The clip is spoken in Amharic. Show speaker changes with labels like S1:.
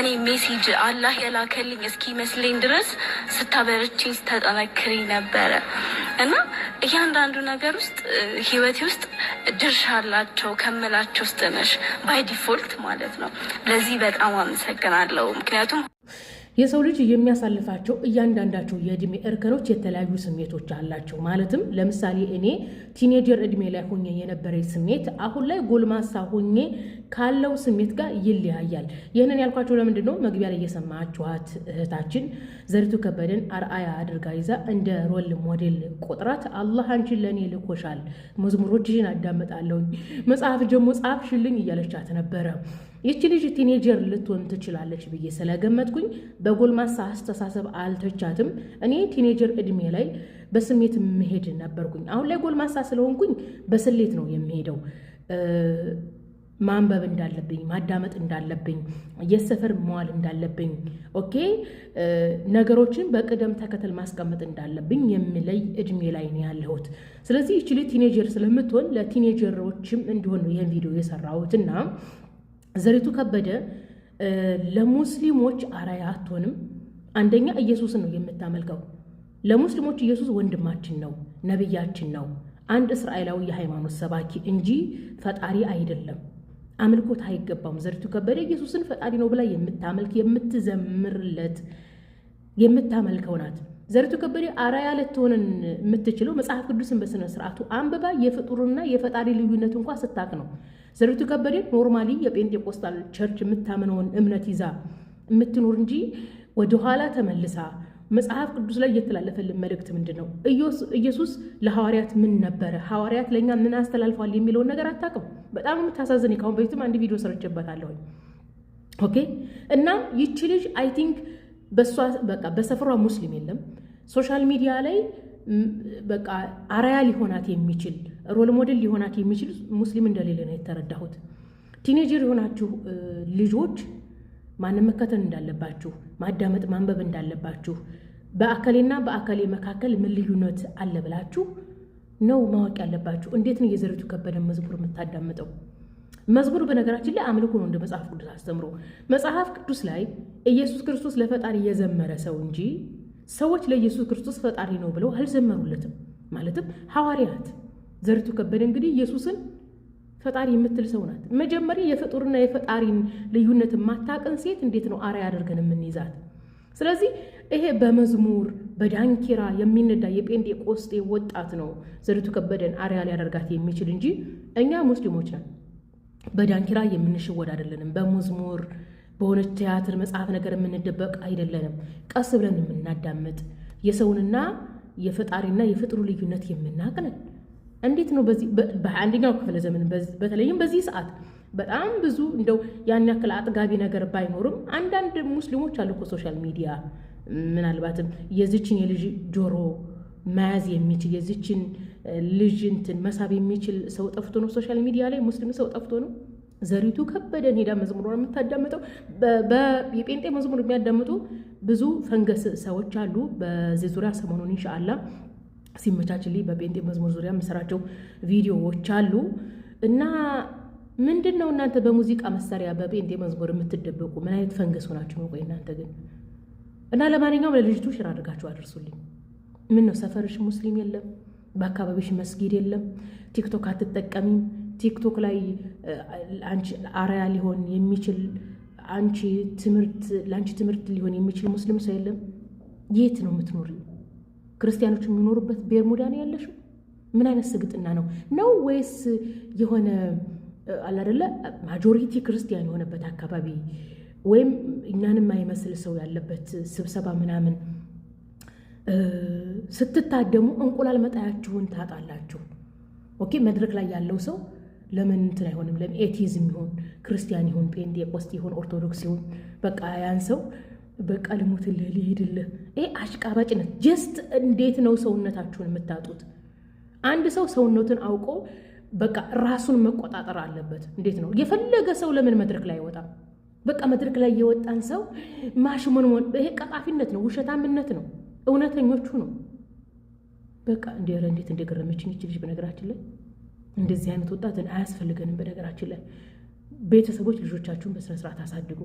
S1: እኔ ሜሴጅ አላህ የላከልኝ እስኪ መስለኝ ድረስ ስታበረችኝ ስታጠነክሪ ነበረ እና እያንዳንዱ ነገር ውስጥ ህይወቴ ውስጥ ድርሻ አላቸው ከምላቸው ውስጥ ነሽ ባይ ዲፎልት ማለት ነው። ለዚህ በጣም አመሰግናለሁ። ምክንያቱም
S2: የሰው ልጅ የሚያሳልፋቸው እያንዳንዳቸው የእድሜ እርከኖች የተለያዩ ስሜቶች አላቸው። ማለትም ለምሳሌ እኔ ቲኔጀር እድሜ ላይ ሆኜ የነበረ ስሜት አሁን ላይ ጎልማሳ ሆኜ ካለው ስሜት ጋር ይለያያል። ይህንን ያልኳቸው ለምንድን ነው? መግቢያ ላይ እየሰማችኋት እህታችን ዘሪቱ ከበደን አርአያ አድርጋ ይዛ እንደ ሮል ሞዴል ቆጥራት አላህ አንቺን ለእኔ ልኮሻል፣ መዝሙሮችሽን አዳመጣለሁኝ፣ መጽሐፍ ጀሞ ጻፍሽልኝ እያለቻት ነበረ። ይቺ ልጅ ቲኔጀር ልትሆን ትችላለች ብዬ ስለገመትኩኝ በጎልማሳ አስተሳሰብ አልተቻትም። እኔ ቲኔጀር እድሜ ላይ በስሜት መሄድ ነበርኩኝ። አሁን ላይ ጎልማሳ ስለሆንኩኝ በስሌት ነው የሚሄደው። ማንበብ እንዳለብኝ ማዳመጥ እንዳለብኝ የሰፈር መዋል እንዳለብኝ ኦኬ ነገሮችን በቅደም ተከተል ማስቀመጥ እንዳለብኝ የሚለይ እድሜ ላይ ነው ያለሁት። ስለዚህ ይችል ቲኔጀር ስለምትሆን ለቲኔጀሮችም እንዲሆን ነው ይህን ቪዲዮ የሰራሁት እና ዘሪቱ ከበደ ለሙስሊሞች አራያ አትሆንም። አንደኛ ኢየሱስን ነው የምታመልከው። ለሙስሊሞች ኢየሱስ ወንድማችን ነው፣ ነቢያችን ነው አንድ እስራኤላዊ የሃይማኖት ሰባኪ እንጂ ፈጣሪ አይደለም። አምልኮት አይገባም። ዘሪቱ ከበደ ኢየሱስን ፈጣሪ ነው ብላ የምታመልክ የምትዘምርለት የምታመልከው ናት። ዘሪቱ ከበደ አራያ ልትሆንን የምትችለው መጽሐፍ ቅዱስን በስነ ስርዓቱ አንብባ የፍጡርና የፈጣሪ ልዩነት እንኳ ስታቅ ነው። ዘሪቱ ከበደ ኖርማሊ የጴንጤቆስታል ቸርች የምታምነውን እምነት ይዛ የምትኖር እንጂ ወደኋላ ተመልሳ መጽሐፍ ቅዱስ ላይ እየተላለፈልን መልእክት ምንድን ነው? ኢየሱስ ለሐዋርያት ምን ነበረ፣ ሐዋርያት ለእኛ ምን አስተላልፏል የሚለውን ነገር አታውቅም። በጣም የምታሳዝን ካሁን በፊትም አንድ ቪዲዮ ሰርቼበታለሁኝ። ኦኬ እና ይቺ ልጅ አይ ቲንክ በሷ በቃ በሰፈሯ ሙስሊም የለም። ሶሻል ሚዲያ ላይ በቃ አርያ ሊሆናት የሚችል ሮል ሞዴል ሊሆናት የሚችል ሙስሊም እንደሌለ ነው የተረዳሁት። ቲኔጀር የሆናችሁ ልጆች ማንም መከተል እንዳለባችሁ ማዳመጥ ማንበብ እንዳለባችሁ በአካሌና በአካሌ መካከል ምን ልዩነት አለ ብላችሁ ነው ማወቅ ያለባችሁ። እንዴት ነው የዘሪቱ ከበደ መዝሙር የምታዳምጠው? መዝሙር በነገራችን ላይ አምልኮ ነው እንደ መጽሐፍ ቅዱስ አስተምሮ። መጽሐፍ ቅዱስ ላይ ኢየሱስ ክርስቶስ ለፈጣሪ የዘመረ ሰው እንጂ ሰዎች ለኢየሱስ ክርስቶስ ፈጣሪ ነው ብለው አልዘመሩለትም። ማለትም ሐዋርያት ዘሪቱ ከበደ እንግዲህ ኢየሱስን ፈጣሪ የምትል ሰው ናት። መጀመሪያ የፍጡርና የፈጣሪን ልዩነት ማታቀን ሴት እንዴት ነው አርአያ አድርገን የምንይዛት? ስለዚህ ይሄ በመዝሙር በዳንኪራ የሚነዳ የጴንጤቆስጤ ወጣት ነው ዘሪቱ ከበደን አርያ ሊያደርጋት የሚችል እንጂ እኛ ሙስሊሞች ነን። በዳንኪራ የምንሸወድ አይደለንም። በመዝሙር በሆነ ቲያትር መጽሐፍ ነገር የምንደበቅ አይደለንም። ቀስ ብለን የምናዳምጥ የሰውንና የፈጣሪና የፍጥሩ ልዩነት የምናቅነን እንዴት ነው? በአንደኛው ክፍለ ዘመን በተለይም በዚህ ሰዓት በጣም ብዙ እንደው ያን ያክል አጥጋቢ ነገር ባይኖርም አንዳንድ ሙስሊሞች አሉ እኮ ሶሻል ሚዲያ ምናልባትም የዚችን የልጅ ጆሮ መያዝ የሚችል የዚችን ልጅ እንትን መሳብ የሚችል ሰው ጠፍቶ ነው። ሶሻል ሚዲያ ላይ ሙስሊም ሰው ጠፍቶ ነው። ዘሪቱ ከበደን ሄዳ መዝሙር ነው የምታዳምጠው። የጴንጤ መዝሙር የሚያዳምጡ ብዙ ፈንገስ ሰዎች አሉ። በዚህ ዙሪያ ሰሞኑን እንሻአላ ሲመቻችልኝ በጴንጤ መዝሙር ዙሪያ የምሰራቸው ቪዲዮዎች አሉ እና ምንድን ነው እናንተ በሙዚቃ መሳሪያ በጴንጤ መዝሙር የምትደበቁ ምን አይነት ፈንገስ ሆናችሁ ነው? ቆይ እናንተ ግን እና ለማንኛውም ለልጅቱ ሽር አድርጋችሁ አድርሱልኝ። ምን ነው ሰፈርሽ ሙስሊም የለም? በአካባቢሽ መስጊድ የለም? ቲክቶክ አትጠቀሚም? ቲክቶክ ላይ አንቺ አርያ ሊሆን የሚችል አንቺ ትምህርት ለአንቺ ትምህርት ሊሆን የሚችል ሙስሊም ሰው የለም? የት ነው የምትኖር? ክርስቲያኖች የሚኖሩበት ቤርሙዳ ነው ያለሽው? ምን አይነት ስግጥና ነው ነው? ወይስ የሆነ አላደለ ማጆሪቲ ክርስቲያን የሆነበት አካባቢ ወይም እኛን የማይመስል ሰው ያለበት ስብሰባ ምናምን ስትታደሙ እንቁላል መጣያችሁን ታጣላችሁ። ኦኬ መድረክ ላይ ያለው ሰው ለምን እንትን አይሆንም? ለምን ኤቲዝም ይሁን ክርስቲያን ይሁን ጴንጤቆስጤ ይሁን ኦርቶዶክስ ይሁን በቃ ያን ሰው በቃ ልሙትልህ ልሂድልህ። ይሄ አሽቃባጭነት ጀስት እንዴት ነው ሰውነታችሁን የምታጡት? አንድ ሰው ሰውነቱን አውቆ በቃ ራሱን መቆጣጠር አለበት። እንዴት ነው የፈለገ ሰው ለምን መድረክ ላይ አይወጣም? በቃ መድረክ ላይ የወጣን ሰው ማሽሞን ሆን ይሄ ቀጣፊነት ነው፣ ውሸታምነት ነው። እውነተኞቹ ነው። በቃ እንደ ኧረ እንዴት እንደገረመችኝ ይች ልጅ። በነገራችን ላይ እንደዚህ አይነት ወጣትን አያስፈልገንም። በነገራችን ላይ ቤተሰቦች ልጆቻችሁን በስነስርዓት አሳድጉ።